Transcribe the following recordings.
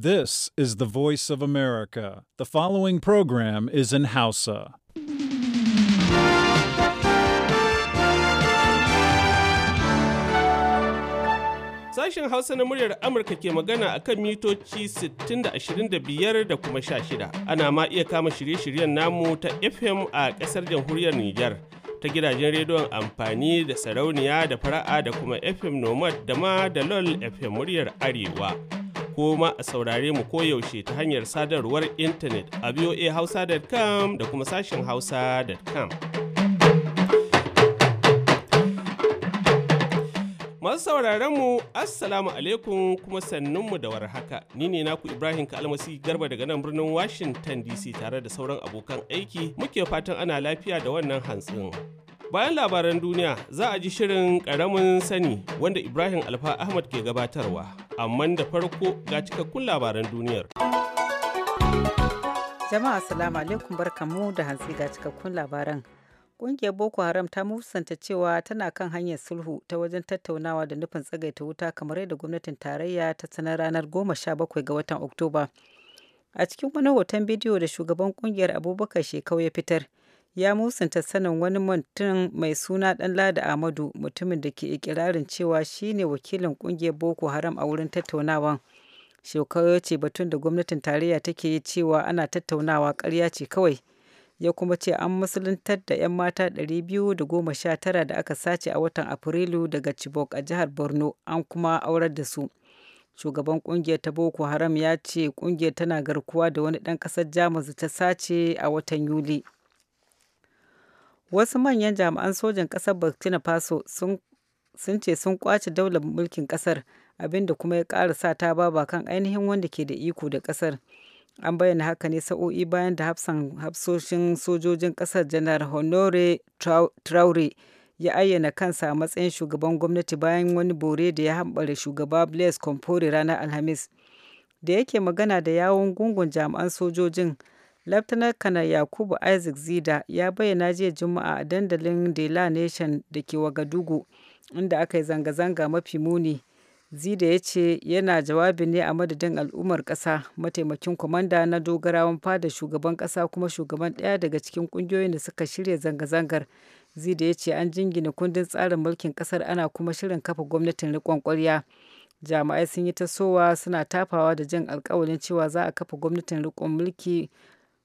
This is the voice of America. The following program is in Hausa. Sashen Hausa na muryar Amurka ke magana a kan mitoci 60-25 da kuma sha shida, Ana ma iya kama shirye-shiryen namu ta FM a ƙasar jamhuriyar Nijar. Ta gidajen rediyon amfani da sarauniya da fara'a da kuma FM Nomad da ma da LOL FM muryar Arewa. ko ma a saurare mu koyaushe ta hanyar sadarwar intanet a voahausa.com da kuma sashen hausa.com. Masu sauraron mu Assalamu alaikum kuma sannunmu da warhaka. Ni ne naku Ibrahim Kalmasi Garba daga nan birnin Washington DC tare da sauran abokan aiki muke fatan ana lafiya da wannan hantsin. Bayan labaran duniya za a ji shirin ƙaramin sani wanda Ibrahim Alfa Ahmad ke gabatarwa. amma da farko ga cikakkun labaran duniyar. Jama'a salamu alaikum barkamu da hantsi ga cikakkun labaran. Ƙungiyar Boko Haram ta musanta cewa tana kan hanyar sulhu ta wajen tattaunawa da nufin tsagaita wuta kamar yadda gwamnatin tarayya ta sanar ranar goma sha bakwai ga watan Oktoba. A cikin wani hoton bidiyo da shugaban ƙungiyar Abubakar Shekau ya fitar, ya musanta sanin wani mutum mai suna Ladi Amadu mutumin da ke ikirarin cewa shi ne wakilin kungiyar Boko Haram a wurin tattaunawan. Shekaru ce batun da gwamnatin tarayya take yi cewa ana tattaunawa karya ce kawai. Ya kuma ce an musuluntar da 'yan mata 219 da aka sace a watan Afrilu daga Chibok a jihar Borno an kuma aurar da su. shugaban kungiyar ta boko haram ya ce kungiyar tana garkuwa da wani ɗan ƙasar jamus ta sace a watan yuli Wasu manyan jami'an sojan ƙasar Burkina Faso sun ce sun kwace daular mulkin ƙasar, abinda kuma ya ƙara sa ta baba kan ainihin wanda ke da iko da ƙasar. An bayyana haka ne sa'o'i bayan da hafsan hafsoshin sojojin ƙasar Janar Honore Traore ya ayyana kansa a matsayin shugaban gwamnati bayan wani bore da ya hambare shugaba Blaise Compaoré ranar Alhamis. Da yake magana da yawon gungun jami'an sojojin, Laftanar Kanar Yakubu Isaac Zida ya bayyana jiya Juma'a a dandalin Dela Nation da ke Wagadugu, inda aka yi zanga-zanga mafi muni. Zida ya ce yana jawabi ne a madadin al'ummar ƙasa, mataimakin kwamanda na dogarawan fada shugaban ƙasa kuma shugaban ɗaya daga cikin ƙungiyoyin da suka shirya zanga-zangar. Zida ya ce an jingina kundin tsarin mulkin ƙasar ana kuma shirin kafa gwamnatin riƙon ƙwarya. Jami'ai sun yi tasowa, suna tafawa da jin alƙawarin cewa za a kafa gwamnatin riƙon mulki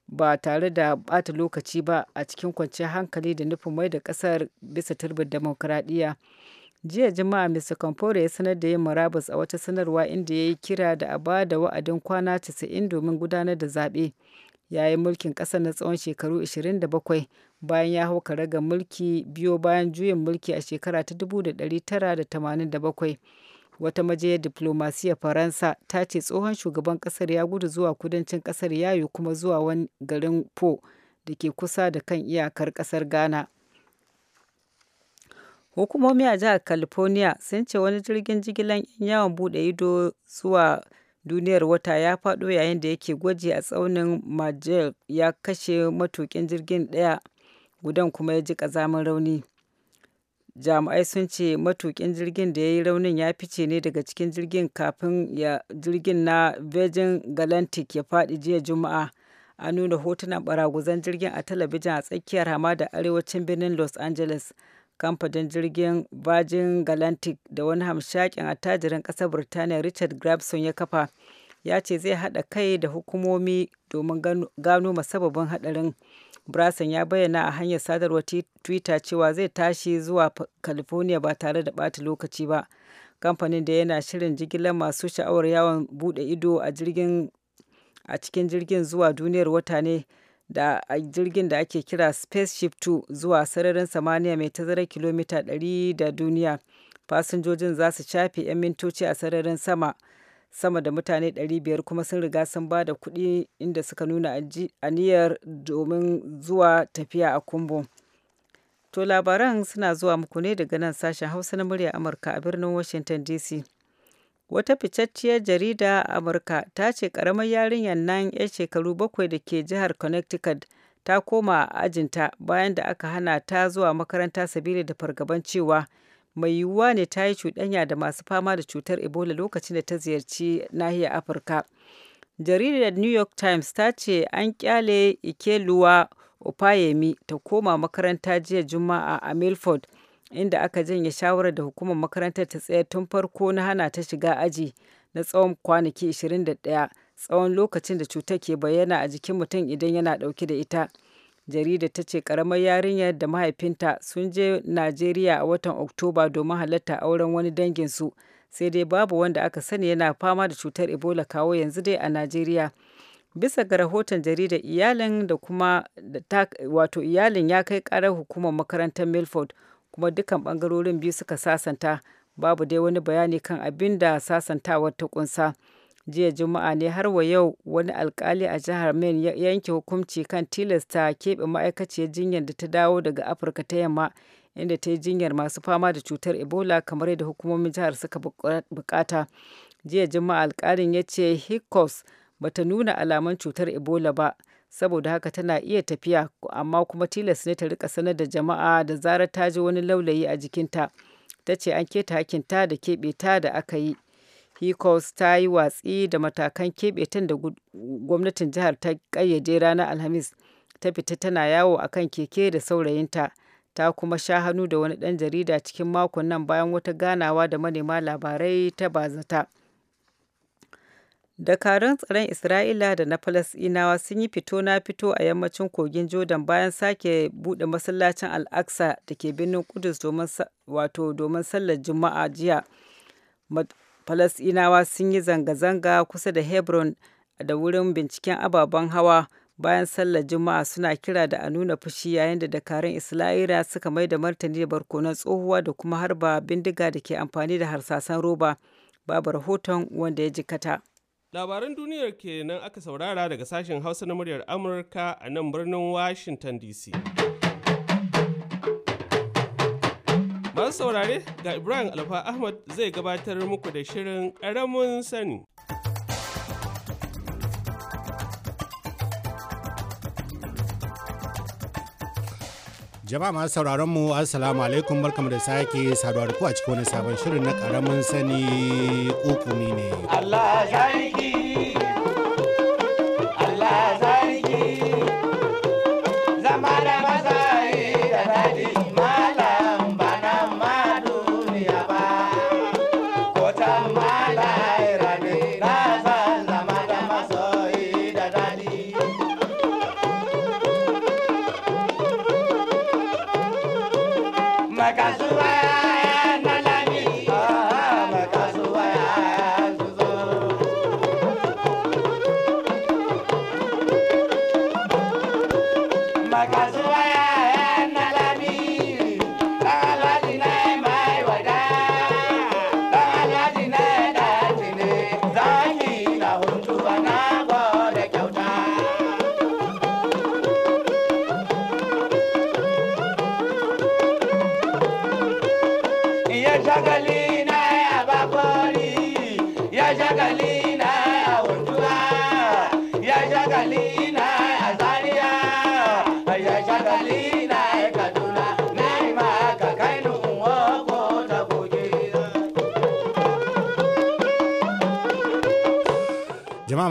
ba tare da bata lokaci ba a cikin kwanciyar hankali da nufin mai da kasar bisa turbin demokuraɗiyya. Jiya Juma'a, Mr. Compaore ya sanar da yin murabus a wata sanarwa inda ya yi kira da a ba da wa'adin kwana 90 domin gudanar da zaɓe. Ya yi mulkin ƙasar na tsawon shekaru 27 bayan ya hau karagar mulki biyo bayan juyin mulki a shekara ta 1987. wata majiyar diflomasiyyar faransa ta ce tsohon shugaban kasar ya gudu zuwa kudancin kasar yayo kuma zuwa wani garin po da ke kusa da kan iyakar kasar ghana hukumomi a jihar california sun ce wani jirgin jigilan yawon bude ido zuwa duniyar wata ya faɗo yayin da yake gwaji a tsaunin majel ya kashe matukin jirgin ɗaya gudan kuma ya ji ƙazamin rauni jami'ai sun ce matukin jirgin da ya yi raunin ya fice ne daga cikin jirgin kafin ya jirgin na virgin galantic ya faɗi jiya juma'a a nuna hotunan baraguzan jirgin a talabijin a tsakiyar hama da arewacin birnin los angeles kamfanin jirgin virgin galantic da wani hamshakin attajirin ƙasar birtaniya richard grabson ya kafa ya ce zai haɗa kai da hukumomi domin gano masababin haɗarin brasan ya bayyana a hanyar sadarwar Twitter cewa zai tashi zuwa California ba tare da ɓata lokaci ba. Kamfanin da yana shirin jigilar masu sha'awar yawon bude ido a a cikin jirgin zuwa duniyar wata ne da a jirgin da ake kira Spaceship 2 zuwa sararin samaniya mai tazarar kilomita 100 da duniya. Fasinjojin za su shafe 'yan mintoci a sararin sama. sama da mutane 500 kuma sun riga sun ba da kuɗi inda suka nuna aniyar domin zuwa tafiya a kumbo to labaran suna zuwa muku ne daga nan sashen hausa na murya amurka a birnin washington dc wata ficacciyar jarida a amurka ta ce karamar yarinyar nan yan shekaru bakwai da ke jihar connecticut ta koma a ajinta bayan da aka hana ta zuwa makaranta sabili da fargaban cewa mai yiwuwa ne ta yi cuɗanya da masu fama da cutar ebola lokacin da ta ziyarci nahiyar afirka jaridar new york times ta ce an kyale ikeluwa opayemi ta koma makaranta jiya juma'a a milford inda aka janye shawarar da hukumar makarantar ta tsaye tun farko na hana ta shiga aji na tsawon kwanaki 21 tsawon lokacin da cutar ke bayyana a jikin mutum idan yana dauke da ita jarida ta ce karamar yarinyar da mahaifinta sun je najeriya a watan oktoba domin halatta auren wani dangin su sai dai babu wanda aka sani yana fama da cutar ebola kawo yanzu dai a najeriya bisa ga rahoton jaridar iyalin da kuma wato iyalin ya kai karar hukumar makarantar milford kuma dukkan bangarorin biyu suka sasanta babu dai wani bayani kan abin da sasantawar ta kunsa. jiya juma'a ne har wa yau wani alkali a jihar maine ya yanke hukunci kan tilasta keɓe ma'aikaciyar jinyar da ta dawo daga afirka ta yamma inda ta yi jinyar masu fama da cutar ebola kamar yadda hukumomin jihar suka bukata jiya juma'a alkalin ya ce hiccups bata nuna alaman cutar ebola ba saboda haka tana iya tafiya amma kuma tilas ne ta rika sanar da jama'a da zarar ta ji wani laulayi a jikinta ta ce an keta hakinta da keɓe ta da aka yi pcos ta yi watsi da matakan keɓe da gwamnatin jihar ta ƙayyade ranar Alhamis, ta fita tana yawo a kan keke da saurayinta, ta kuma sha hannu da wani ɗan jarida cikin makon nan bayan wata ganawa da manema labarai ta bazata. Dakarun tsaron Isra'ila da na Falasɗinawa sun yi fito na fito a yammacin kogin Jordan bayan sake buɗe masallacin Al-Aqsa da ke birnin Kudus domin sallar Juma'a jiya. Falasɗinawa sun yi zanga-zanga kusa da Hebron da wurin binciken ababen hawa bayan sallar Juma'a suna kira da a nuna fushi yayin da dakarun Isra'ila suka mai da martani da barkonon tsohuwa da kuma harba bindiga da ke amfani da harsasan roba. Babu rahoton wanda ya jikata. Labaran duniyar nan aka saurara daga sashen Hausa na muryar Amurka a nan birnin Washington DC. Masu saurare ga Ibrahim Alfa Ahmad zai gabatar muku da shirin ƙaramin sani. Jama'a masu sauraron mu Assalamu alaikum barkamu da sake saduwa da ku a cikin wani sabon shirin na ƙaramin sani ukumi ne. Allah ya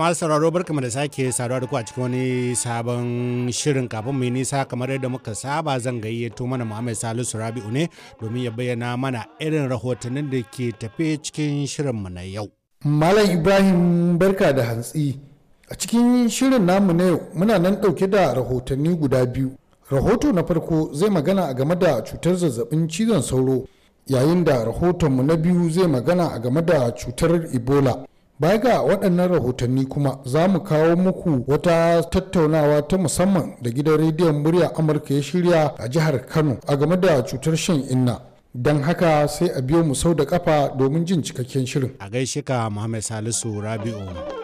masu sauraro barkamu da sake saduwa da ku a cikin wani sabon shirin kafin mu nisa kamar yadda muka saba zan gayyato mana Muhammad Salisu Rabi'u ne domin ya bayyana mana irin rahotannin da ke tafe cikin shirin mu na yau. Malam Ibrahim barka da hantsi. A cikin shirin namu na yau muna nan ɗauke da rahotanni guda biyu. Rahoto na farko zai magana a game da cutar zazzabin cizon sauro yayin da rahotonmu na biyu zai magana a game da cutar Ebola. Baya ga waɗannan rahotanni kuma za mu kawo muku wata tattaunawa ta musamman da gidan rediyon murya Amurka ya shirya a jihar Kano a game da cutar shan inna. Don haka sai a biyo mu sau da kafa domin jin cikakken shirin. A gaishe ka Muhammad Salisu Rabi'u.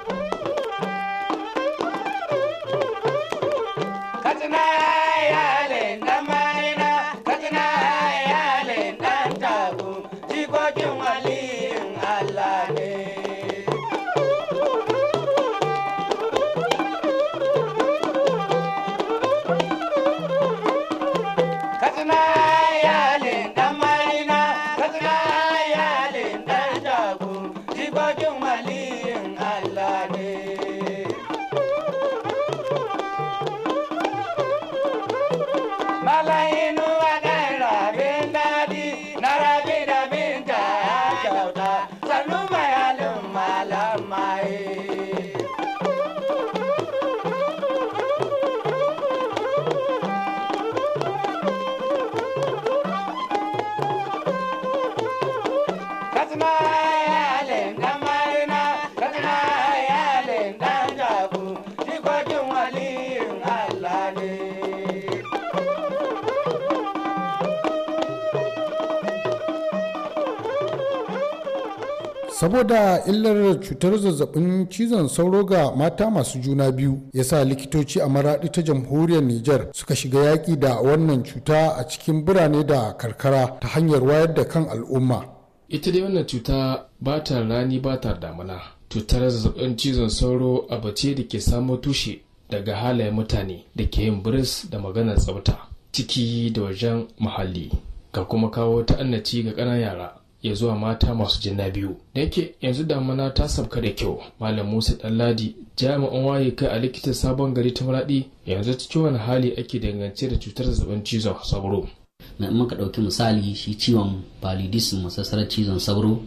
saboda illar cutar zazzabin cizon sauro ga mata masu juna biyu ya sa likitoci a maraɗi ta jamhuriyar niger suka shiga yaƙi da wannan cuta a cikin birane da karkara ta hanyar wayar da kan al'umma ita dai wannan cuta ba ta rani ba ta damuna cutar zazzabin cizon sauro abu ce da ke samo tushe daga halayen mutane da ke yin biris da maganar tsafta ciki da wajen muhalli ga kuma kawo ta'annaci ga ƙananan yara ya zuwa mata masu jina biyu da yake yanzu damana ta sabka da kyau malam musa ɗanladi jami'an waye kai a likitan sabon gari ta muradi yanzu cikin wani hali ake dangance da cutar zazzabin cizon sauro na in muka ɗauki misali shi ciwon palidis masassarar cizon sauro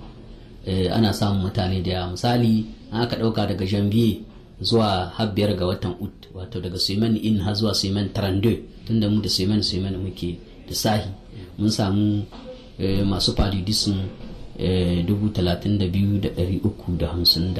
eh, ana samun mutane da yawa misali an aka ɗauka daga janvier zuwa habbiyar ga watan ut wato daga suiman in har zuwa suiman tarande tunda mu da suiman suiman muke da sahi mun samu Eh, masu paludism 32,354 eh,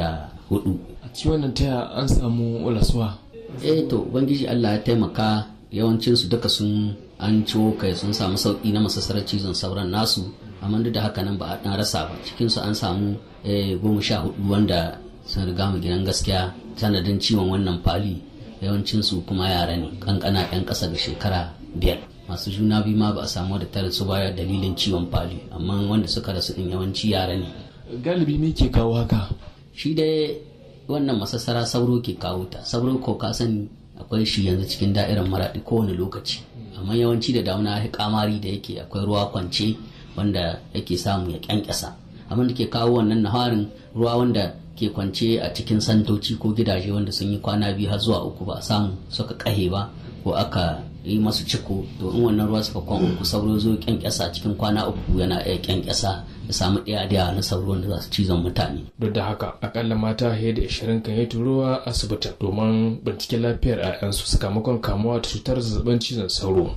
a ciwon nan taya an samu rasuwa eh to ubangiji allah ya taimaka yawancin su duka sun an ciwo kai sun samu sauki na masassarar cizon sauran nasu amma duk da haka nan ba a dan rasa ba cikin su an samu eh, goma sha hudu wanda sun riga mu gidan gaskiya sanadin ciwon wannan fali yawancin su kuma yara ne kankana yan ƙasa ga shekara biyar masu juna biyu ma ba a samu da tarin su baya dalilin ciwon fali amma wanda suka rasu din yawanci yara ne galibi me ke kawo haka shi dai wannan masassara sauro ke kawo ta sauro ko ka sani akwai shi yanzu cikin da'irar maraɗi kowane lokaci amma yawanci da damuna ya kamari da yake akwai ruwa kwance wanda yake samu ya kyankyasa abin da ke kawo wannan naharin ruwa wanda ke kwance a cikin santoci ko gidaje wanda sun yi kwana biyu har zuwa uku ba a samu suka kahe ba ko aka yi masu ciko to in wannan ruwa suka kwan uku sauro zo kyankyasa cikin kwana uku yana iya kyankyasa ya samu ɗaya da na sauro da za su cizon mutane. Duk da haka akalla mata fiye da ashirin kan yi turuwa asibitin domin binciken lafiyar 'ya'yansu sakamakon kamuwa da cutar zazzabin cizon sauro.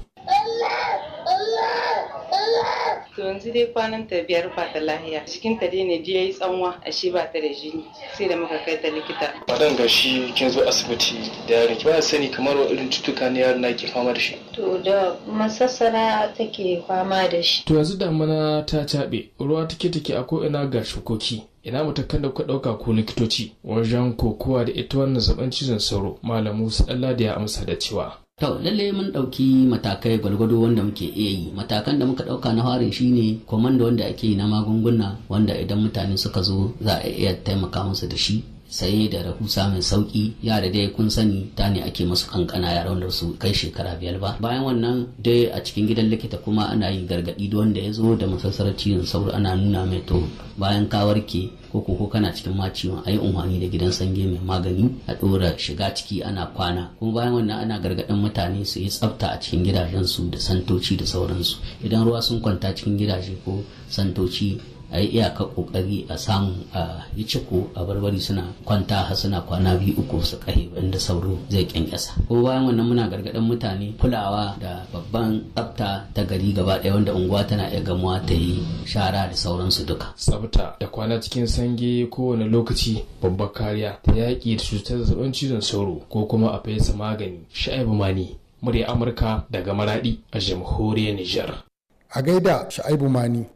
To yanzu dai kwanan ta biyar ba ta lahiya. Cikin ta ne ji yayi tsanwa a shi ba ta da jini sai da muka kai ta likita. Madan ga shi kin zo asibiti da yaron ki ba sani kamar wa irin cutuka ne yaron ke fama da shi. To da masassara take fama da shi. To yanzu damana ta caɓe ruwa take take a ko ina ga shukoki. ina mutakan da kuka ɗauka ko likitoci wajen kokowa da ita wannan zaben cizon sauro malam musa Allah da ya amsa da cewa To lalle mun ɗauki matakai gwalgwado wanda muke iya yi matakan da muka ɗauka na harin shine komanda wanda ake yi na magunguna wanda idan mutane suka zo za a iya taimaka musu da shi saye da rahusa mai sauki yara dai kun sani ta ne ake masu kankana yara wanda su kai shekara biyar ba bayan wannan dai a cikin gidan likita kuma ana yin gargadi da wanda ya zo da masassarar cizon sauro ana nuna mai to bayan ka warke ko ko kana cikin ma ciwon yi umarni da gidan sange mai magani a dora shiga ciki ana kwana kuma bayan wannan ana gargaɗin mutane su yi tsafta a cikin gidajensu da santoci da sauransu idan ruwa sun kwanta cikin gidaje ko santoci a yi iyaka kokari a samu a yi ciko a barbari suna kwanta har suna kwana biyu uku su kahe inda sauro zai kyankyasa ko bayan wannan muna gargaɗin mutane kulawa da babban tsafta ta gari gaba ɗaya wanda unguwa tana iya gamuwa ta yi shara da sauransu duka tsafta da kwana cikin sange kowane lokaci babbar kariya ta yaƙi da cutar zazzabin cizon sauro ko kuma a fesa magani sha'ibu mani murya amurka daga maradi a jamhuriyar nijar a gaida sha'ibu mani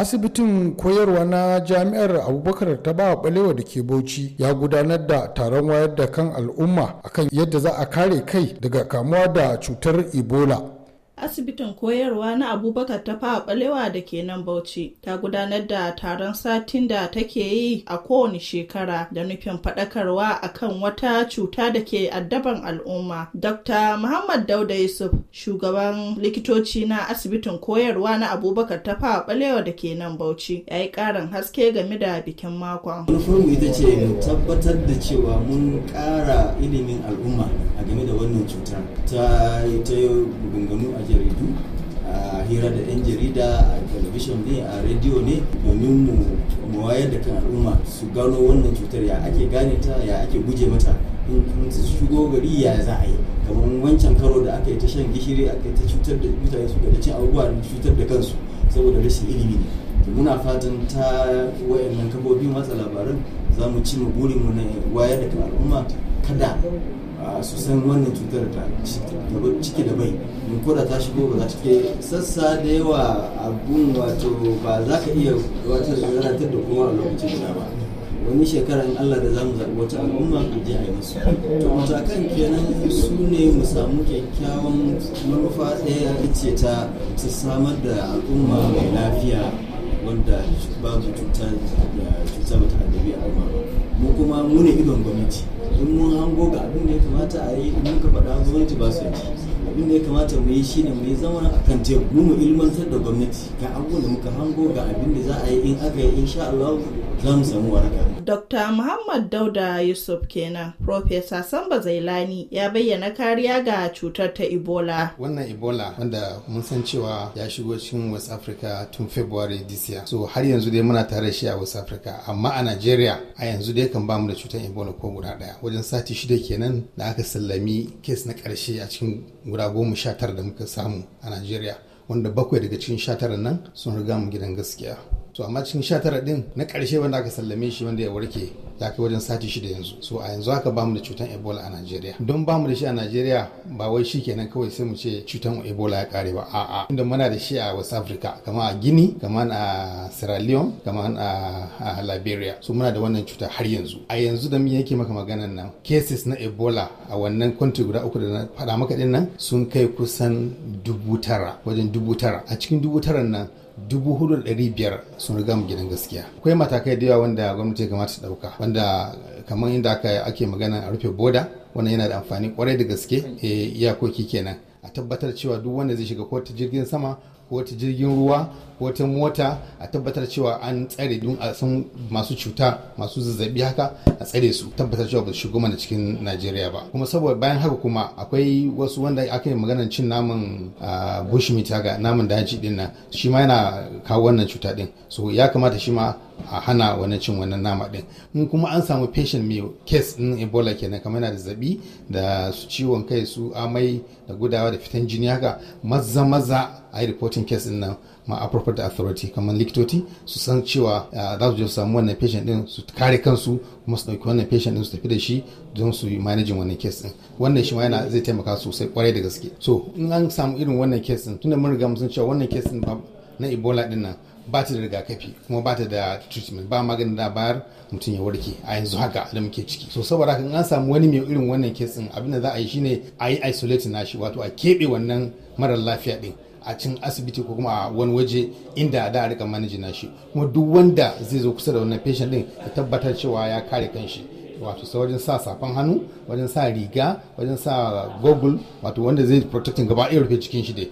asibitin koyarwa na jami'ar abubakar ta ba balewa da ke bauchi ya gudanar da taron wayar da kan al'umma akan yadda za a kare kai daga kamuwa da cutar ebola Asibitin koyarwa na Abubakar ta balewa da ke nan Bauchi ta gudanar da taron satin da take yi a kowane shekara da nufin faɗakarwa akan wata cuta da ke addaban al'umma. Dr. Muhammad Dauda Yusuf, shugaban likitoci na asibitin koyarwa na Abubakar ta balewa da ke nan Bauchi, ya yi ƙarin haske game da bikin makon. mu tabbatar da cewa mun ƙara ilimin al'umma a game da wannan cuta ta ta yi jaridu a hira da 'yan jarida a talabishin ne a rediyo ne domin mu wayar da kan al'umma su gano wannan cutar ya ake gane ta ya ake guje mata in su shigo gari ya za a yi kamar wancan karo da aka yi ta shan gishiri aka yi ta cutar da mutane su da cin abubuwa da cutar da kansu saboda rashin ilimi ne muna fatan ta wayannan kafofin matsa labaran za mu ci mu burin mu na wayar da kan al'umma kada su san wannan cutar ta ciki da bai in koda ta shigo ba za sassa da yawa abun wato ba za ka iya wata zanatar da kuma a lokacin guda ba wani shekara in Allah da za mu zaɓi wata al'umma a je a yi musu to matakan kenan su ne mu samu kyakkyawan manufa ɗaya ce ta su samar da al'umma mai lafiya wanda babu cuta da cuta mata addabi al'umma ba nuna idon gwamnati in mun hango ga abin da ya kamata a yi in muka faɗa gwamnati ba su yi abin da ya kamata mu yi shine mu yi zama a kan tebur mu mu ilmantar da gwamnati ga abubuwan da muka hango ga abin da za a yi in aka yi sha Allah za mu samu waraka. Dr. Muhammad Dauda Yusuf kenan, Profesa Samba Zailani ya bayyana kariya ga cutar ta Ebola. Wannan Ebola wanda mun san cewa ya shigo cikin West Africa tun February this year. So har yanzu dai muna tare shi a West Africa, amma a Nigeria a yanzu dai kan bamu da cutar Ebola ko guda daya. Wajen sati shida kenan da aka sallami kes na karshe a cikin guda goma sha tara da muka samu a Nigeria. Wanda bakwai daga cikin sha tara nan sun riga mu gidan gaskiya. so amma cikin sha tara din na karshe wanda aka sallame shi wanda ya warke ya kai wajen sati shida yanzu so a yanzu haka bamu da cutan ebola a najeriya don bamu da shi a najeriya ba wai shi kenan kawai sai mu ce cutan ebola ya kare ba a'a inda muna da shi a west africa kama a gini kama a sierra leone kama a liberia so muna da wannan cuta har yanzu a yanzu da mun yake maka maganan nan cases na ebola a wannan country guda uku da na faɗa maka din nan sun kai kusan dubu tara wajen dubu tara a cikin dubu taran nan 4,500 sun riga mu gidan gaskiya akwai matakai da yawa wanda gwamnati kamata ta dauka wanda kamar inda aka ake magana a rufe boda wannan yana da amfani kwarai da gaske eh, iyakoki kenan a tabbatar cewa duk wanda zai shiga ko jirgin sama ko ta jirgin ruwa ko ta mota a tabbatar cewa an tsare don a san masu cuta masu zazzabi haka a tsare su tabbatar cewa ba su shigo mana cikin najeriya ba kuma saboda bayan haka kuma akwai wasu wanda aka yi maganar cin naman bushmeat haka naman daji din nan shi ma yana kawo wannan cuta din so ya kamata shi ma a hana wani cin wannan nama din in kuma an samu patient mai case din ebola kenan kamar yana da zabi da su ciwon kai su amai da gudawa da fitan jini haka maza maza a yi reporting case din nan ma appropriate authority kamar likitoci su san cewa za su je su samu wannan patient din su kare kansu kuma su ɗauki wannan patient din su tafi da shi don su managing wannan case din wannan shi ma yana zai taimaka sosai kwarai da gaske so in an samu irin wannan case din tunda mun riga mun san cewa wannan case din na ebola din nan ba ta da rigakafi kuma ba ta da treatment ba maganin da bayar mutum ya warke a yanzu haka da muke ciki so saboda kan an samu wani mai irin wannan kesin abin da za a yi shine a yi isolate shi wato a keɓe wannan mara lafiya ɗin a cin asibiti ko kuma a wani waje inda da a rika na shi kuma duk wanda zai zo kusa da wannan patient din ya tabbatar cewa ya kare kan shi. wato sai wajen sa safan hannu wajen sa riga wajen sa goggle wato wanda zai protecting gaba ɗaya rufe cikin shi dai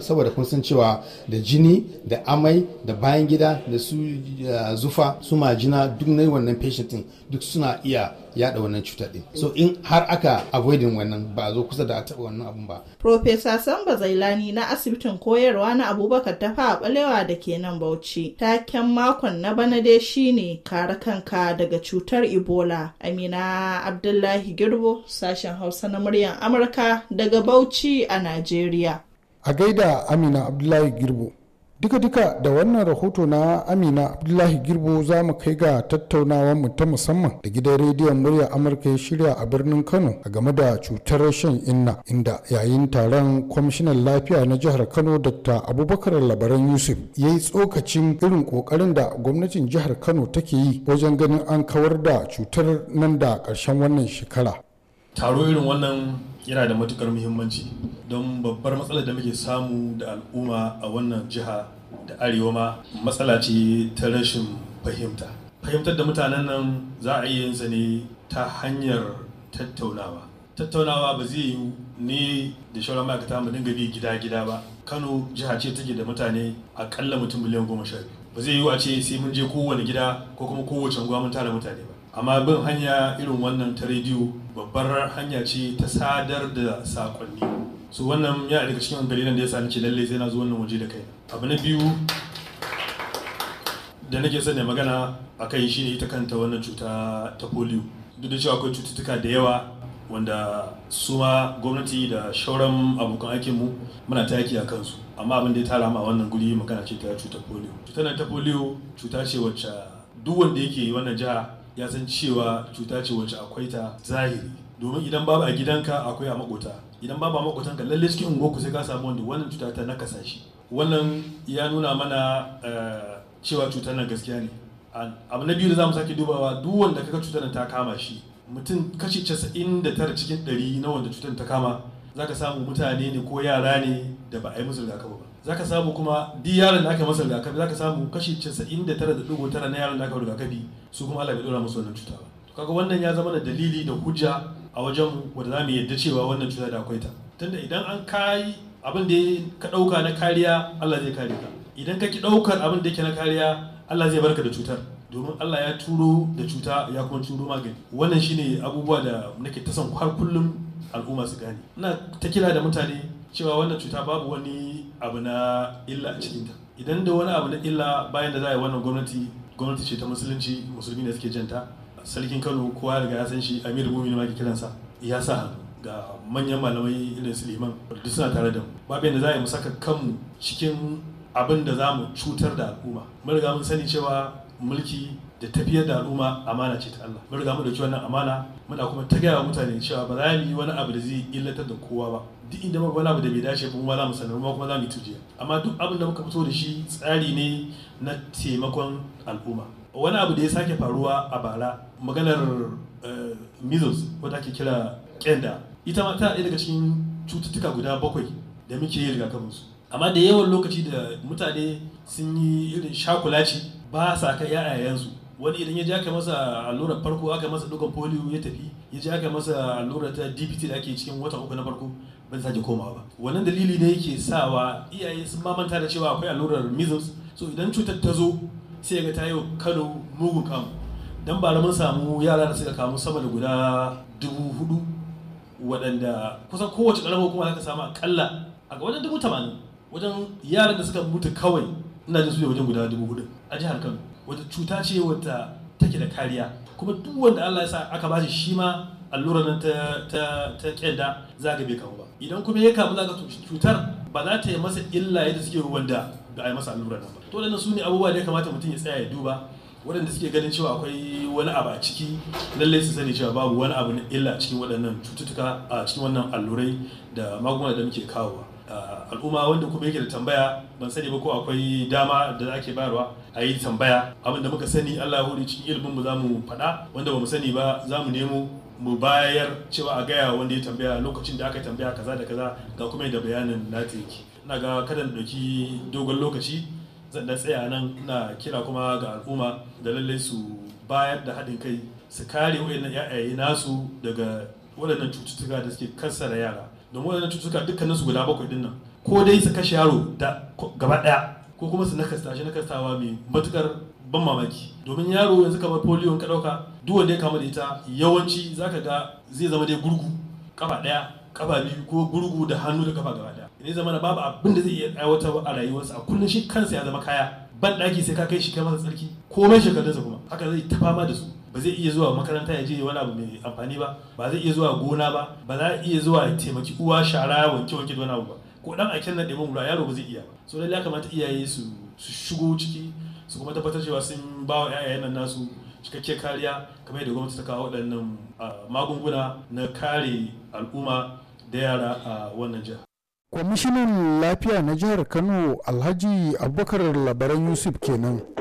saboda kun san cewa da jini da amai da bayan gida da su eh, zufa su majina duk na wannan patient duk suna iya yada wannan cutar din so in har aka avoidin wannan ba a zo kusa da a wannan abun ba Profesa Samba Zailani na asibitin koyarwa na Abubakar Tafa a Balewa da ke nan Bauchi taken makon na bana dai shine kare kanka daga cutar Ebola Amina Abdullahi Girbo sashen Hausa na muryar Amurka daga Bauchi a Najeriya a gaida Amina Abdullahi Girbo duka-duka da wannan rahoto na amina abdullahi girbo za mu kai ga tattaunawar mu ta musamman da gidan rediyon murya amurka ya shirya a birnin kano a game da cutar shan inna inda yayin taron kwamishinan lafiya na jihar kano dr abubakar labaran yusuf ya yi tsokacin irin kokarin da gwamnatin jihar kano take yi wajen ganin an kawar da cutar nan da ƙarshen wannan shekara taro irin wannan yana da matukar muhimmanci don babbar matsalar da muke samu da al'umma a wannan jiha da arewa ma matsala ce ta rashin fahimta fahimtar da mutanen nan za a yi yinsa ne ta hanyar tattaunawa tattaunawa ba zai yi ne da shauran ma'aikata mu dinga bi gida-gida ba kano jiha ce take da mutane akalla mutum miliyan goma sha biyu ba zai yi a ce sai mun je kowane gida ko kuma kowace unguwa mun tara mutane ba amma bin hanya irin wannan ta rediyo babbar hanya ce ta sadar da sakonni su wannan ya daga cikin dalilan da ya sa ce lalle sai na zo wannan waje da kai abu na biyu da nake son magana a kai shine ita kanta wannan cuta ta polio duk da cewa akwai cututtuka da yawa wanda su ma gwamnati da shauran abokan aikinmu muna ta yaki a kansu amma abin da ya tara a wannan guri magana ce ta cutar polio cutar ta polio cuta ce wacce duk wanda yake wannan jiha ya san cewa cuta ce wacce akwai ta zahiri domin idan babu a gidanka akwai a makota idan babu a makotanka lalle cikin ku sai ka samu wanda wannan cuta ta nakasa shi wannan ya nuna mana eh, cewa cutar nan gaskiya ne abu na biyu da zamu sake dubawa duk wanda kaga cutar nan ta kama shi mutum kashi 99 cikin 100 na wanda cutar ta kama zaka samu mutane ne ko yara ne da ba a yi musu rigakafi ba zaka samu kuma bi yaron da aka masa rigakafi zaka samu kashi 99.9 na yaron da aka rigakafi su kuma Allah bai dora musu wannan cuta ba kaga wannan ya zama da dalili da hujja a wajen wanda zamu yadda cewa wannan cuta da akwai ta tunda idan an kai abin da ka dauka na kariya Allah zai kare ka idan ka ki daukar abin da yake na kariya Allah zai barka da cutar domin Allah ya turo da cuta ya kuma turo magani wannan shine abubuwa da nake ta son har kullum al'umma su gane ina ta kira da mutane cewa wannan cuta babu wani abu na illa a cikinta idan da wani abu na illa bayan da za a yi wannan gwamnati gwamnati ce ta musulunci musulmi ne suke janta sarkin kano kowa riga ya san shi amir mumin ma ke kiransa ya sa ga manyan malamai irin su liman duk suna tare da mu babu yadda za a yi mu saka kanmu cikin abin da za mu cutar da al'umma mun riga mun sani cewa mulki da tafiyar da al'umma amana ce ta Allah mun riga mun dauki wannan amana muna kuma ta gaya wa mutane cewa ba za mu yi wani abu da zai illatar da kowa ba duk inda ba wani abu da bai dace kuma za mu sanar ba kuma za mu amma duk abin da muka fito da shi tsari ne na taimakon al'umma wani abu da ya sake faruwa a bara maganar eh, measles ta ake kira kenda ita ma tana daga cikin cututtuka guda bakwai da muke yi rigakafin su amma da yawan lokaci da mutane sun yi irin shakulaci ba sa kai yayayensu wani idan ya ji aka masa allurar farko aka masa dukan polio ya tafi ya ji aka masa allurar ta dpt da ake cikin wata uku na farko ban sake komawa ba wannan dalili ne yake sawa iyaye sun mamanta da cewa akwai allurar measles so idan cutar ta zo sai ga ta yi kano mugun kamu dan bara mun samu yara da suka kamu sama da guda dubu hudu waɗanda kusan kowace ƙaramar kuma zaka samu akalla a ga wajen dubu tamanin wajen yaran da suka mutu kawai ina jin su wajen guda dubu hudu a jihar kano wata cuta ce wata take da kariya kuma duk wanda Allah ya sa aka ba shi shi ma allura nan ta ta ta kyanda za ga bai kamu ba idan kuma ya kamu za ka cutar ba za ta yi masa illa yadda suke wanda da a yi masa allura nan ba to da su ne abubuwa da ya kamata mutum ya tsaya ya duba waɗanda suke ganin cewa akwai wani abu a ciki lallai su sani cewa babu wani abu na illa cikin waɗannan cututtuka a cikin wannan allurai da magunguna da muke kawowa al'umma wanda kuma yake da tambaya ban sani ba ko akwai dama da ake bayarwa a yi tambaya abin da muka sani Allah ya cikin ilimin mu za mu faɗa wanda ba mu sani ba za mu nemo mu bayar cewa a gaya wanda ya tambaya lokacin da aka tambaya kaza da kaza ga kuma da bayanin nata yake ina ga kada na ɗauki dogon lokaci zan da tsaya nan ina kira kuma ga al'umma da lallai su bayar da haɗin kai su kare wayannan 'ya'yaye nasu daga waɗannan cututtuka da suke kassara yara domin wannan cututtuka dukkaninsu guda bakwai dinnan ko dai su kashe yaro da gaba daya ko kuma su nakasta shi nakastawa mai matukar ban mamaki domin yaro yanzu kamar polio in ka dauka duk wanda ya kama da ita yawanci zaka ga zai zama dai gurgu kafa daya kafa biyu ko gurgu da hannu da kafa gaba daya ne zama na babu abin da zai iya aiwatar a rayuwarsa a kullum shi kansa ya zama kaya ban daki sai ka kai shi kai masa tsarki komai shekarunsa kuma haka zai ta fama da su ba zai iya zuwa makaranta ya je wani abu mai amfani ba ba zai iya zuwa gona ba ba za iya zuwa taimaki uwa shara wanke wanke da wani abu ba ko dan a na ɗebin wura yaro ba zai iya ba so lallai kamata iyaye su su shigo ciki su kuma tabbatar cewa sun ba wa 'ya'yan nan nasu cikakke kariya kamar yadda gwamnati ta kawo waɗannan magunguna na kare al'umma da yara a wannan jiha. kwamishinan lafiya na jihar kano alhaji abubakar labaran yusuf kenan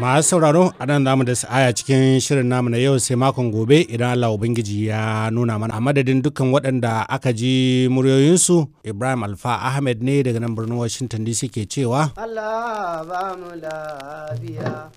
masu sauraro a nan namu da sa'aya cikin shirin namu na yau sai makon gobe idan Allah Ubangiji ya nuna mana a madadin dukkan waɗanda aka ji muryoyinsu Ibrahim Alfa Ahmed ne daga nan birnin Washington DC ke cewa Allah ba mu lafiya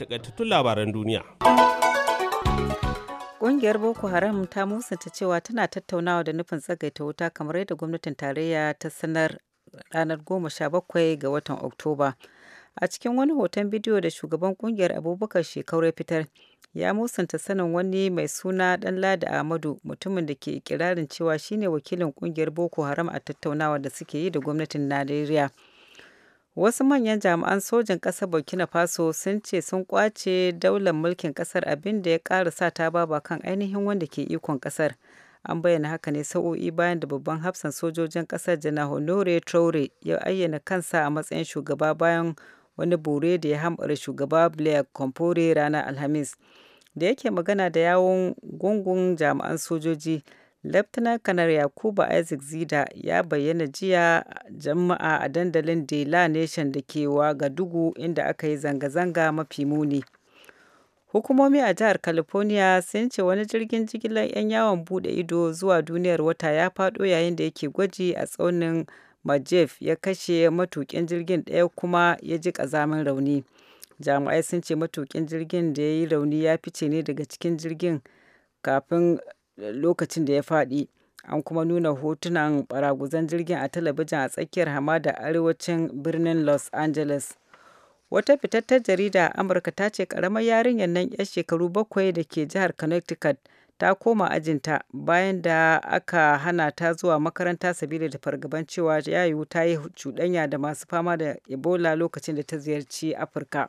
takaitattun labaran duniya. Ƙungiyar Boko Haram ta musanta cewa tana tattaunawa da nufin tsagaita wuta kamar yadda gwamnatin tarayya ta sanar ranar 17 ga watan Oktoba. A cikin wani hoton bidiyo da shugaban ƙungiyar abubakar shekaru ya fitar, ya musanta sanin wani mai suna Dan lada Ahmadu mutumin da ke ikirarin cewa shine wakilin ƙungiyar Boko Haram a tattaunawa da suke yi da gwamnatin Najeriya. Wasu manyan jami'an sojin ƙasar Burkina Faso sun ce sun kwace daular mulkin ƙasar abin da ya ƙara sa ta baba kan ainihin wanda ke ikon ƙasar. An bayyana haka ne sa'o'i bayan da babban hafsan sojojin ƙasar jana Honore Traore ya ayyana kansa a matsayin shugaba bayan wani bore da ya hambara shugaba Blair compore ranar Alhamis. Da yake magana da yawon gungun jami'an sojoji, Laftanar Kanar Yakubu Isaac Zida ya bayyana jiya jama'a a dandalin dela Nation da ke Wagadugu inda aka yi zanga-zanga mafi muni. Hukumomi a jihar California sun ce wani jirgin jigilar 'yan yawon bude ido zuwa duniyar wata ya fado yayin da yake gwaji a tsaunin Majef ya kashe matukin jirgin ɗaya kuma ya ji ƙazamin rauni. Jami'ai sun ce matukin jirgin da ya yi rauni ya fice ne daga cikin jirgin kafin lokacin da ya faɗi an kuma nuna hotunan baraguzan jirgin a talabijin a tsakiyar hamada arewacin birnin los angeles wata fitattar jarida amurka ta ce karamar yarinyar nan 'yar shekaru bakwai da ke jihar connecticut ta koma ajinta bayan da aka hana ta zuwa makaranta sabida da fargaban cewa ya ta yi cuɗanya da masu fama da ebola lokacin da ta ziyarci afirka